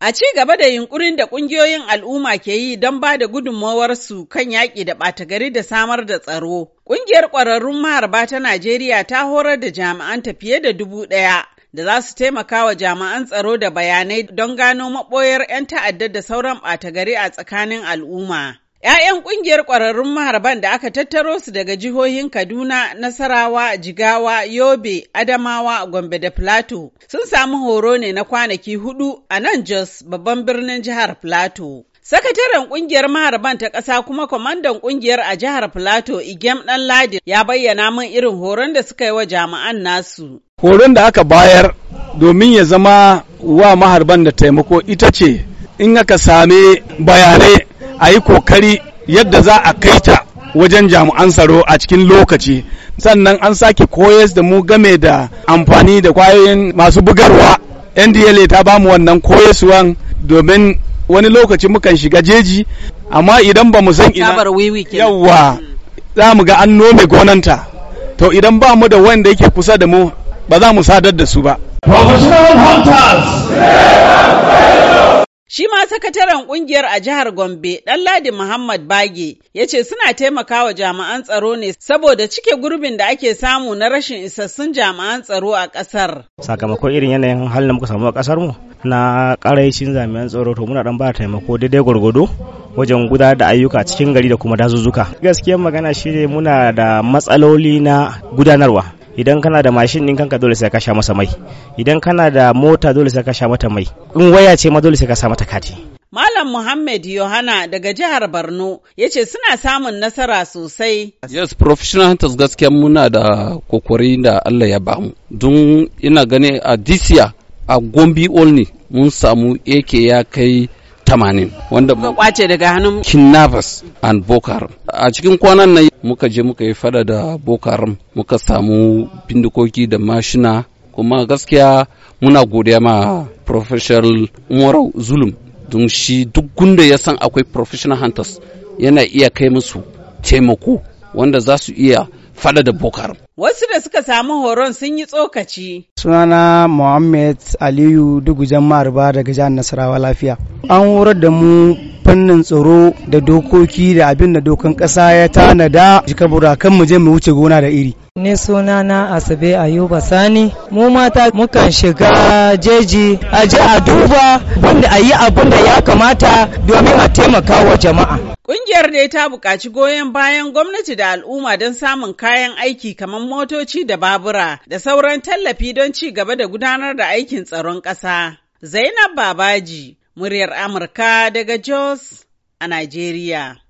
A ci gaba da yunkurin da ƙungiyoyin al'umma ke yi don ba da gudunmawarsu kan yaƙi da ɓata gari da samar da tsaro, ƙungiyar ƙwararrun maharba ta Najeriya ta horar da jami'anta fiye da dubu ɗaya da za su taimaka wa jami'an tsaro da bayanai don gano maɓoyar 'yan ta'adda da sauran ɓata gari a tsakanin al'umma. 'Ya'yan ƙungiyar ƙwararrun maharban da aka tattaro su daga jihohin Kaduna, Nasarawa, Jigawa, Yobe, Adamawa, Gombe da Filato sun samu horo ne na kwanaki hudu a nan Jos babban birnin jihar Filato. Sakataren ƙungiyar maharban ta ƙasa kuma kwamandan ƙungiyar a jihar Filato Igem Dan Ladin ya bayyana min irin horon da suka yi wa jami'an nasu. Horon da aka bayar domin ya zama wa maharban da taimako ita ce in aka same bayanai a yi kokari yadda za a kai ta wajen jami'an tsaro a cikin lokaci sannan an sake koyas da mu game da amfani da kwayoyin masu bugarwa ndla ta bamu wannan koyaswan domin wani lokaci mukan shiga jeji amma idan ba mu san ina yawa za mu ga an nome gonanta to idan ba mu da wanda yake kusa da mu ba za mu sadar da su ba professional hunters sakataren kungiyar a jihar Gombe, Ɗanladi Muhammad Bage, ya ce suna taimakawa jami'an tsaro ne saboda cike gurbin da ake samu na rashin isassun jami'an tsaro a ƙasar. Sakamakon irin yanayin halin da muka samu a ƙasar mu na ƙaraicin jami'an tsaro to muna dan ba taimako daidai gwargwado wajen gudanar da ayyuka cikin gari da kuma dazuzzuka. Gaskiyar magana shine muna da matsaloli na gudanarwa. idan kana da mashin din kanka dole sai ka sha masa mai idan kana da mota dole sai ka sha mata mai in waya ce ma dole sai ka sa mata kati Malam Muhammad Yohana daga jihar Borno ya ce suna samun nasara sosai. Yes, professional hunters gaskiya muna da kokwari da Allah ya bamu. Don ina gani a this a Gombe only mun samu AK ya kai tamanin wanda muka kwace daga hannun kinnafas and bokaram a cikin kwanan nan muka je muka yi fada da bokaram muka samu bindikoki da mashina kuma gaskiya muna godiya ma professional umaru zulum don shi duk gunda ya san akwai professional hunters yana iya kai musu taimako wanda za su iya fada da Boko Wasu da suka samu horon sun yi tsokaci. Sunana Muhammad Aliyu Dugujan Maruba daga jihar Nasarawa Lafiya. An horar da mu fannin tsaro da dokoki da abin da dokan ƙasa ya tanada jika burakan mu je mu wuce gona da iri. Ni sunana Asabe Ayuba Sani, mu mata mukan shiga jeji a ji a duba wanda a yi abin da ya kamata domin a taimaka wa jama'a. kungiyar dai ta buƙaci goyon bayan gwamnati da al'umma don samun kayan aiki kamar motoci da babura da sauran tallafi don ci gaba da gudanar da aikin tsaron ƙasa. Zainab Babaji, muryar Amurka daga Jos a Najeriya.